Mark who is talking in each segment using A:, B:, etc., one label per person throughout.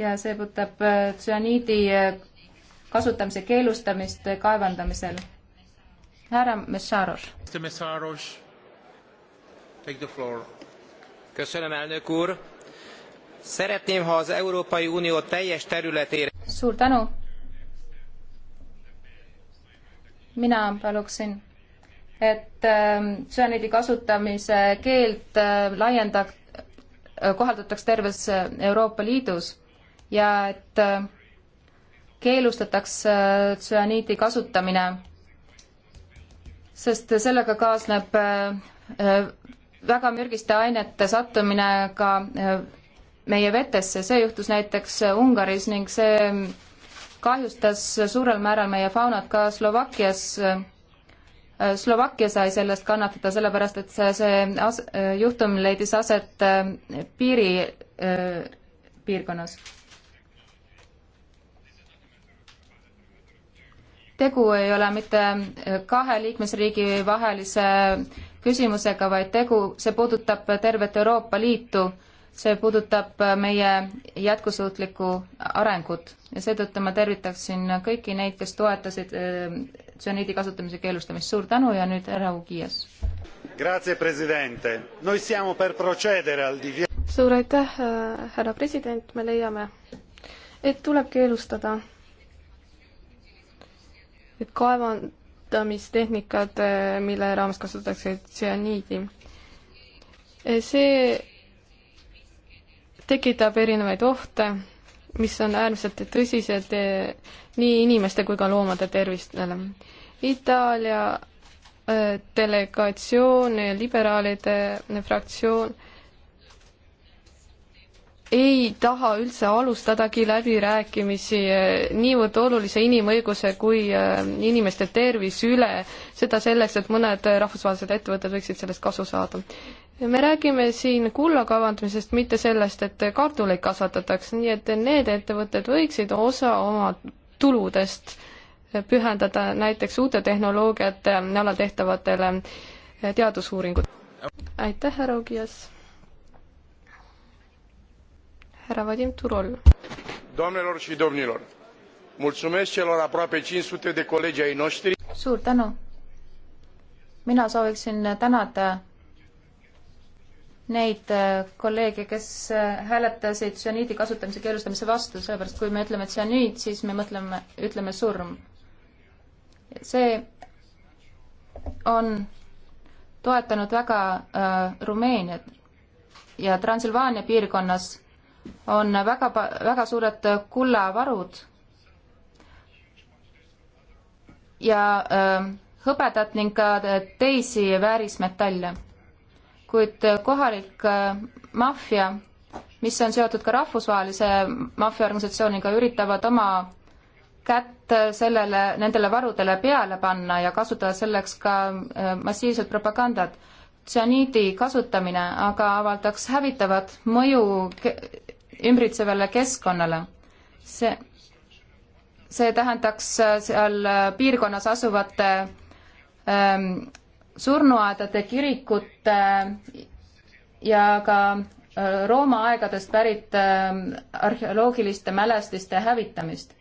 A: ja see puudutab äh, tsüaniidi äh, kasutamise keelustamist äh, kaevandamisel. härra Messaros.
B: Messaros, take the floor. köszönöm, elnök úr.
C: Szeretném, ha az Európai Unió teljes területére...
A: Suur tänu. Mina paluksin, et ähm, tsüaniidi kasutamise keelt laiendak-, kohaldataks terves Euroopa Liidus ja et äh, keelustataks äh, tsüaniidi kasutamine, sest sellega kaasneb äh, väga mürgiste ainete sattumine ka meie vetesse, see juhtus näiteks Ungaris ning see kahjustas suurel määral meie faunat ka Slovakkias. Slovakkia sai sellest kannatada, sellepärast et see, see as-, juhtum leidis aset piiri piirkonnas tegu ei ole mitte kahe liikmesriigi vahelise küsimusega, vaid tegu, see puudutab tervet Euroopa Liitu, see puudutab meie jätkusuutlikku arengut ja seetõttu ma tervitaksin kõiki neid, kes toetasid äh, tsüaniidi kasutamise keelustamist. suur tänu ja nüüd härra Ugias.
B: suur aitäh, äh, härra president, me leiame, et tuleb keelustada nüüd kaevandamistehnikad, eh, mille raames kasutatakse tsüaniidi. Eh, see tekitab erinevaid ohte, mis on äärmiselt tõsised eh, nii inimeste kui ka loomade tervistele. Itaalia delegatsioon, liberaalide fraktsioon ei taha üldse alustadagi läbirääkimisi eh, niivõrd olulise inimõiguse kui eh, inimeste tervis üle, seda selleks, et mõned rahvusvahelised ettevõtted võiksid sellest kasu saada. me räägime siin kulla kavandamisest, mitte sellest, et kartuleid kasvatatakse, nii et need ettevõtted võiksid osa oma tuludest pühendada näiteks uute tehnoloogiate alal tehtavatele eh, teadusuuringutele. aitäh, härra Ogias! härra Vadim Turol. Doamnelor și domnilor, mulțumesc celor aproape 500 de colegi ai noștri.
A: Suur tänu. Mina sooviksin tänada neid äh, kolleege, kes äh, hääletasid tsüaniidi kasutamise keelustamise vastu, sellepärast kui me ütleme tsüaniid, siis me mõtleme, ütleme surm. see on toetanud väga äh, Rumeeniat ja Transilvaania piirkonnas on väga, väga suured kullavarud ja äh, hõbedat ning ka teisi väärismetalle. kuid kohalik äh, maffia, mis on seotud ka rahvusvahelise maffiaorganisatsiooniga, üritavad oma kätt sellele, nendele varudele peale panna ja kasutada selleks ka äh, massiivset propagandat. tsüaniidi kasutamine aga avaldaks hävitavat mõju ümbritsevale keskkonnale. see, see tähendaks seal piirkonnas asuvate ähm, surnuaedade, kirikute ja ka äh, Rooma aegadest pärit ähm, arheoloogiliste mälestiste hävitamist.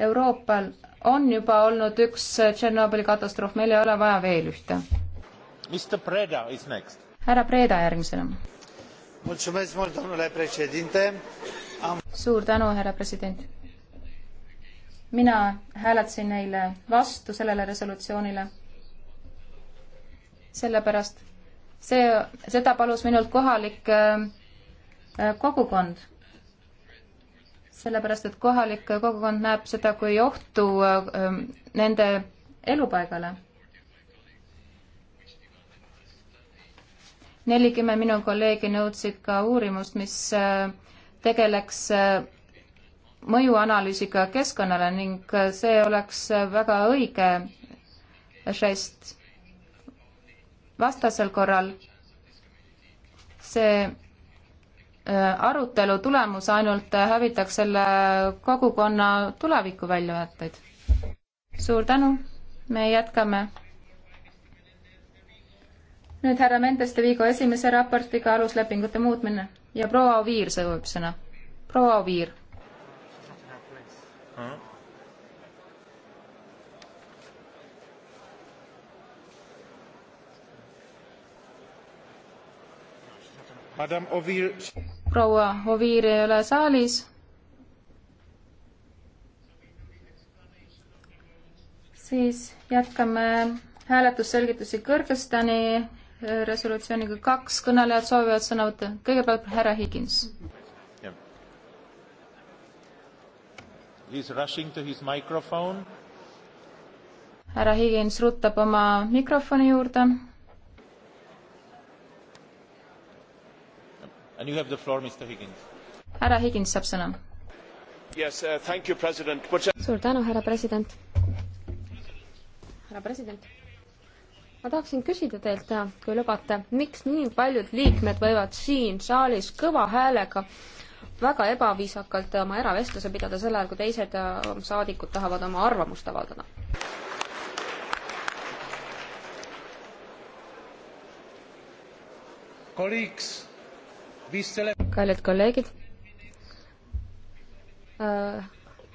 A: Euroopal on juba olnud üks Tšernobõli katastroof, meil ei ole vaja veel ühte. härra Preda järgmisena Am... suur tänu, härra president. mina hääletasin eile vastu sellele resolutsioonile. sellepärast see, seda palus minult kohalik äh, kogukond. sellepärast, et kohalik kogukond näeb seda kui ohtu äh, nende elupaigale nelikümmend minu kolleegi nõudsid ka uurimust, mis äh, tegeleks äh, mõjuanalüüsiga keskkonnale ning äh, see oleks väga õige žest. vastasel korral see arutelu tulemus ainult hävitaks selle kogukonna tuleviku väljavaateid. suur tänu, me jätkame nüüd härra Mendeste Viigo esimese raportiga aluslepingute muutmine ja proua Oviir soovib sõna. proua Oviir. proua Oviir ei ole saalis siis jätkame hääletusselgitusi Kõrgõzstani resolutsiooniga, kaks kõnelejat soovivad sõna võtta, kõigepealt härra Higins. härra Higins rutab oma mikrofoni juurde. härra Higins saab sõna
B: yes,. Uh, But...
C: suur tänu, härra president. härra president ma tahaksin küsida teilt, kui lubate, miks nii paljud liikmed võivad siin saalis kõva häälega väga ebaviisakalt oma eravestluse pidada sel ajal, kui teised äh, saadikud tahavad oma arvamust avaldada? kallid kolleegid äh,,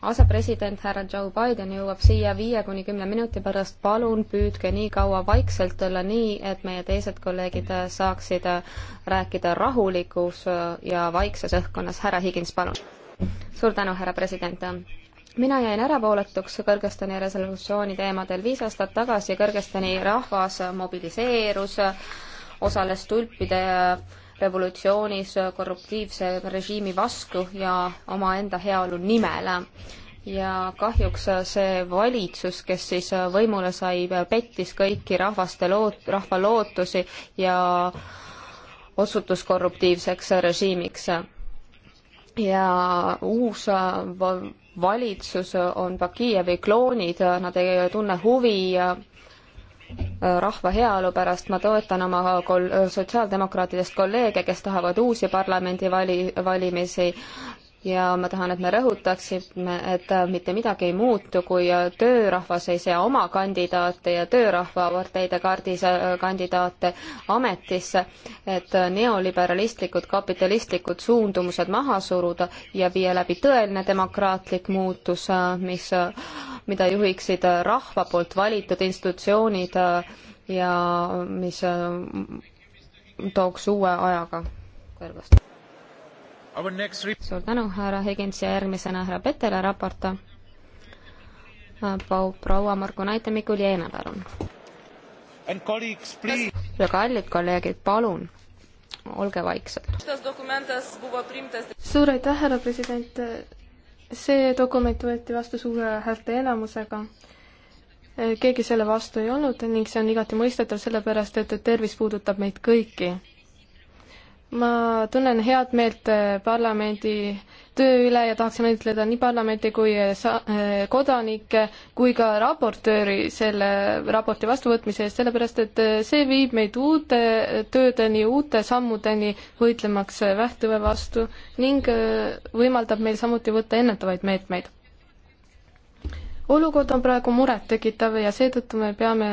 C: asepresident härra Joe Biden jõuab siia viie kuni kümne minuti pärast, palun püüdke nii kaua vaikselt olla, nii et meie teised kolleegid saaksid rääkida rahulikus ja vaikses õhkkonnas. härra Higins, palun. suur tänu, härra president mina jäin ärapooletuks Kõrgõzstani resolutsiooni teemadel. viis aastat tagasi Kõrgõzstani rahvas mobiliseerus, osales tulpide ja revolutsioonis korruptiivse režiimi vastu ja omaenda heaolu nimel ja kahjuks see valitsus, kes siis võimule sai, pettis kõiki rahvaste loot-, rahva lootusi ja osutus korruptiivseks režiimiks. ja uus valitsus on Bakijevi kloonid, nad ei tunne huvi rahva heaolu pärast, ma toetan oma kol-, sotsiaaldemokraatidest kolleege, kes tahavad uusi parlamendivali-, valimisi ja ma tahan, et me rõhutaksime, et mitte midagi ei muutu, kui töörahvas ei sea oma kandidaate ja töörahvaparteide kaardis äh, kandidaate ametisse, et neoliberalistlikud, kapitalistlikud suundumused maha suruda ja viia läbi tõeline demokraatlik muutus, äh, mis äh, mida juhiksid äh, rahva poolt valitud institutsioonid äh, ja äh, mis tooks uue ajaga kõrgust. suur tänu, härra Higins ja järgmisena härra Petele raport. proua Margo Naitemiku Liene, palun.
B: ja kallid kolleegid, palun olge vaiksed. suur aitäh, härra president see dokument võeti vastu suure häälteenamusega. keegi selle vastu ei olnud ning see on igati mõistetav, sellepärast et tervis puudutab meid kõiki ma tunnen head meelt äh, parlamendi töö üle ja tahaksin õnnitleda nii parlamenti kui äh, sa-, äh, kodanikke kui ka raportööri selle raporti vastuvõtmise eest, sellepärast et see viib meid uute töödeni, uute sammudeni võitlemaks vähktõve vastu ning võimaldab meil samuti võtta ennetavaid meetmeid. olukord on praegu murettekitav ja seetõttu me peame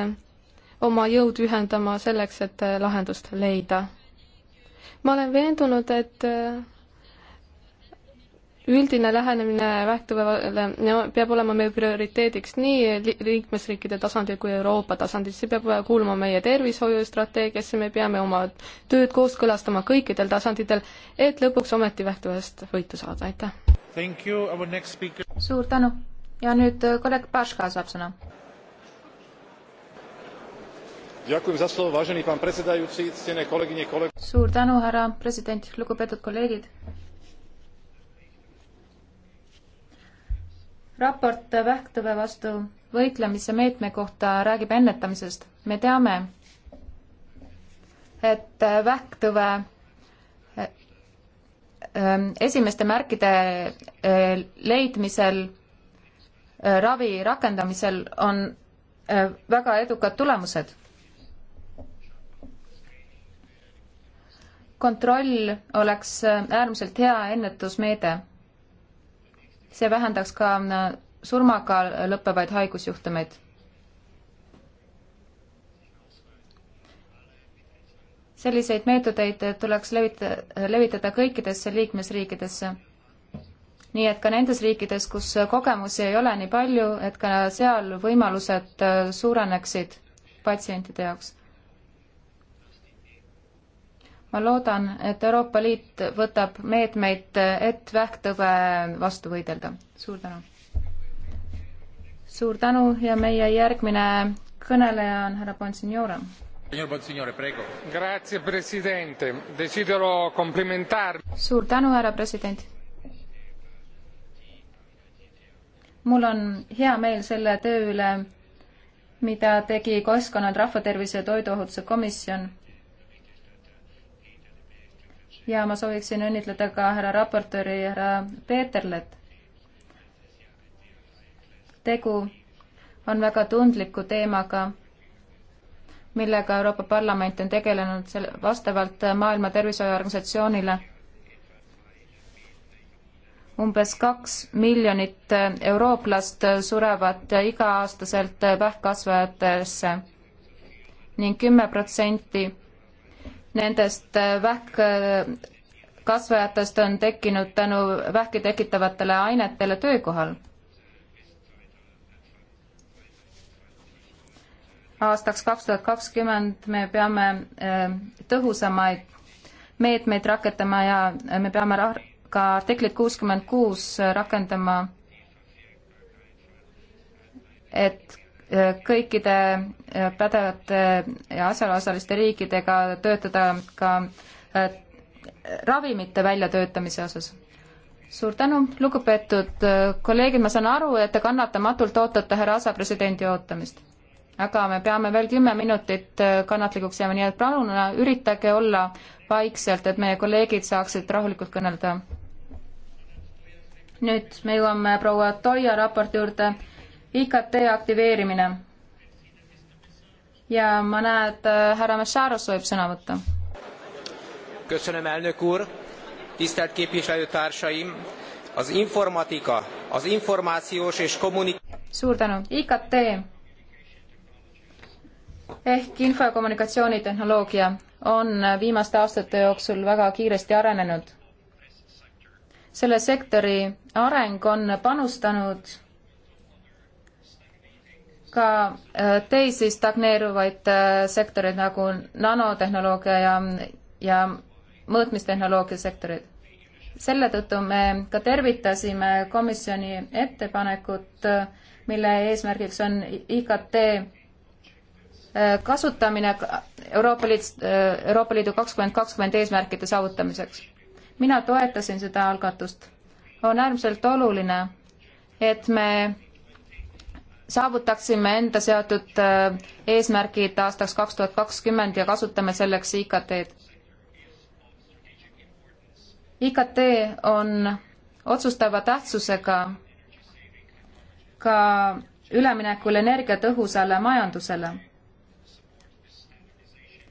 B: oma jõud ühendama selleks, et lahendust leida ma olen veendunud, et äh, üldine lähenemine vähktuvale peab olema meie prioriteediks nii liikmesriikide tasandil kui Euroopa tasandil, see peab kuuluma meie tervishoiustrateegiasse, me peame oma tööd kooskõlastama kõikidel tasanditel, et lõpuks ometi vähktuvast võitu saada, aitäh! suur tänu ja
A: nüüd äh, kolleeg Paška saab sõna suur tänu, härra president, lugupeetud kolleegid. raport vähktõve vastu võitlemise meetme kohta räägib ennetamisest. me teame, et vähktõve ähm, esimeste märkide äh, leidmisel, äh, ravi rakendamisel on äh, väga edukad tulemused kontroll oleks äärmiselt hea ennetusmeede. see vähendaks ka äh, surmaga lõppevaid haigusjuhtumeid. selliseid meetodeid tuleks levita, levitada kõikidesse liikmesriikidesse. nii et ka nendes riikides, kus kogemusi ei ole nii palju, et ka seal võimalused äh, suureneksid patsientide jaoks ma loodan, et Euroopa Liit võtab meetmeid, et vähktõve vastu võidelda. suur tänu! suur tänu ja meie järgmine kõneleja on härra Bonsignore. suur tänu, härra president! mul on hea meel selle töö üle, mida tegi Keskkonnad, Rahvatervise ja Toiduohutuse Komisjon ja ma sooviksin õnnitleda ka härra raportööri, härra Peeterlet. tegu on väga tundliku teemaga, millega Euroopa Parlament on tegelenud selle, vastavalt Maailma Terviseorganisatsioonile. umbes kaks miljonit eurooplast surevad iga-aastaselt vähkkasvajatesse ning kümme protsenti nendest äh, vähkkasvajatest on tekkinud tänu vähki tekitavatele ainetele töökohal. aastaks kaks tuhat kakskümmend me peame äh, tõhusamaid meetmeid rakendama ja me peame ka artiklit kuuskümmend kuus rakendama, et kõikide äh, pädevate ja asjaosaliste riikidega töötada ka äh, ravimite väljatöötamise osas. suur tänu, lugupeetud äh, kolleegid, ma saan aru, et te kannatamatult ootate härra asepresidendi ootamist. aga me peame veel kümme minutit kannatlikuks jääma, nii et palun üritage olla vaikselt, et meie kolleegid saaksid rahulikult kõnelda. nüüd me jõuame proua Toia raporti juurde IKT aktiveerimine. ja ma näen, et äh, härra Mešaros soovib sõna võtta.
C: köszönöm, elnök úr, tisztelt képviselőtársaim, az informatika, az információs és kommunik-.
A: suur tänu, IKT ehk info- ja kommunikatsioonitehnoloogia on viimaste aastate jooksul väga kiiresti arenenud. selle sektori areng on panustanud ka äh, teisi stagneeruvaid äh, sektoreid nagu nanotehnoloogia ja, ja mõõtmistehnoloogia sektorid. selle tõttu me ka tervitasime komisjoni ettepanekut, äh, mille eesmärgiks on IKT kasutamine Euroopa Liit, Euroopa Liidu kakskümmend kakskümmend eesmärkide saavutamiseks. mina toetasin seda algatust. on äärmiselt oluline, et me saavutaksime enda seatud äh, eesmärgid aastaks kaks tuhat kakskümmend ja kasutame selleks IKT-d. IKT on otsustava tähtsusega ka üleminekul energiatõhusale majandusele.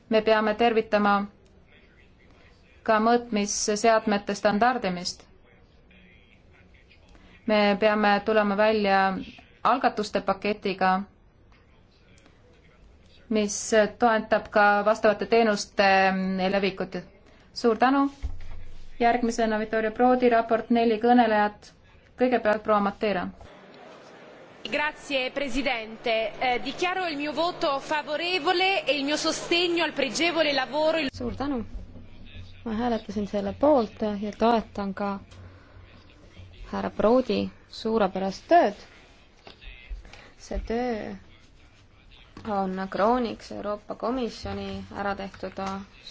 A: me peame tervitama ka mõõtmisseadmete standardimist. me peame tulema välja algatuste paketiga, mis toetab ka vastavate teenuste levikut. suur tänu. järgmisena Vittorio Prodi raport, neli kõnelejat. kõigepealt proua Mateera
C: signor presidente eh, dichiaro il mio voto favorevole e il mio sostegno al pregevole lavoro. suur tänu ma hääletasin selle poolt ja toetan ka härra Broodi suurepärast tööd see töö on krooniks Euroopa Komisjoni ära tehtud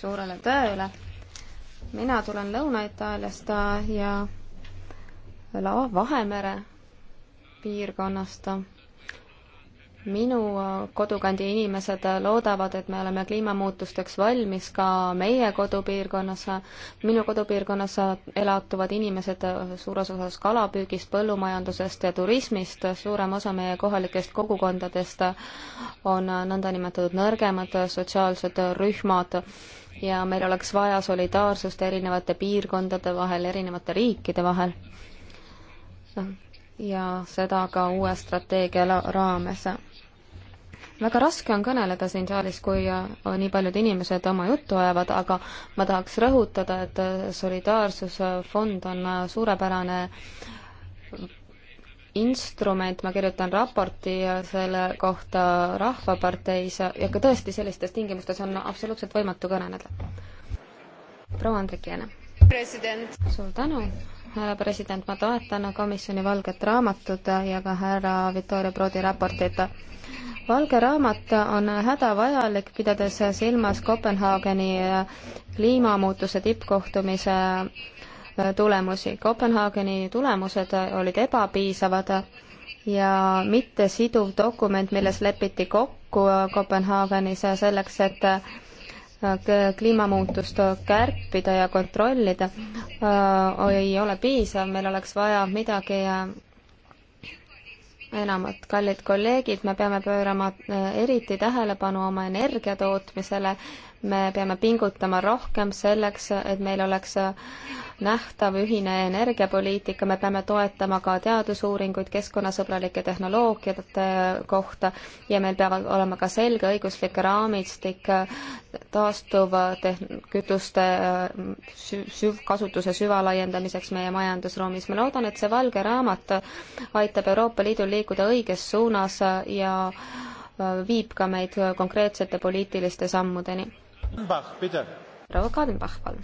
C: suurele tööle. mina tulen Lõuna-Itaaliast ja Vahemere piirkonnast minu kodukandi inimesed loodavad, et me oleme kliimamuutusteks valmis ka meie kodupiirkonnas. minu kodupiirkonnas elatuvad inimesed suures osas kalapüügist, põllumajandusest ja turismist. suurem osa meie kohalikest kogukondadest on nõndanimetatud nõrgemad sotsiaalsed rühmad ja meil oleks vaja solidaarsust erinevate piirkondade vahel, erinevate riikide vahel. ja seda ka uue strateegia raames väga raske on kõneleda siin saalis, kui äh, nii paljud inimesed oma juttu ajavad, aga ma tahaks rõhutada, et äh, solidaarsusfond on äh, suurepärane instrument, ma kirjutan raporti selle kohta Rahvaparteis ja ka tõesti sellistes tingimustes on absoluutselt võimatu kõneleda. proua Andrikiene. suur tänu härra president, ma toetan komisjoni valget raamatut ja ka härra Vittorio Prodi raportit valge raamat on hädavajalik, pidades silmas Kopenhaageni äh, kliimamuutuse tippkohtumise äh, tulemusi. Kopenhaageni tulemused olid ebapiisavad ja mittesiduv dokument, milles lepiti kokku Kopenhaagenis selleks, et äh, kliimamuutust kärpida ja kontrollida, ei ole piisav, meil oleks vaja midagi enamat, kallid kolleegid, me peame pöörama äh, eriti tähelepanu oma energiatootmisele me peame pingutama rohkem selleks, et meil oleks nähtav ühine energiapoliitika, me peame toetama ka teadusuuringuid keskkonnasõbralike tehnoloogiate kohta ja meil peavad olema ka selge õiguslik raamistik taastuva kütuste süv-, kasutuse süvalaiendamiseks meie majandusruumis. ma loodan, et see valge raamat aitab Euroopa Liidul liikuda õiges suunas ja viib ka meid konkreetsete poliitiliste sammudeni proua Kadenbach, palun.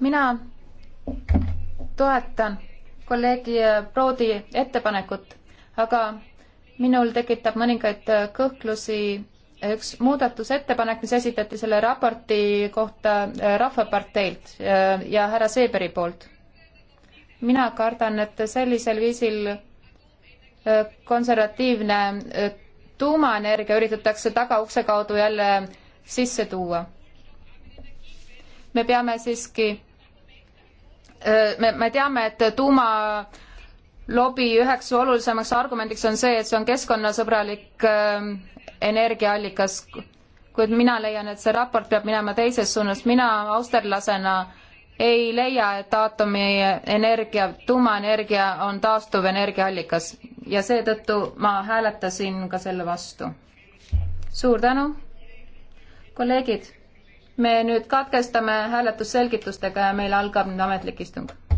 A: mina toetan kolleegi Proodi ettepanekut, aga minul tekitab mõningaid kõhklusi üks muudatusettepanek, mis esitati selle raporti kohta äh, Rahvaparteilt äh, ja härra Seeberi poolt. mina kardan, et sellisel viisil äh, konservatiivne tuumaenergia üritatakse tagaukse kaudu jälle sisse tuua. me peame siiski, me, me teame, et tuuma lobi üheks olulisemaks argumendiks on see, et see on keskkonnasõbralik energiaallikas, kuid mina leian, et see raport peab minema teises suunas, mina austerlasena ei leia, et aatomienergia, tuumaenergia on taastuv energiaallikas ja seetõttu ma hääletasin ka selle vastu. suur tänu, kolleegid. me nüüd katkestame hääletusselgitustega ja meil algab nüüd ametlik istung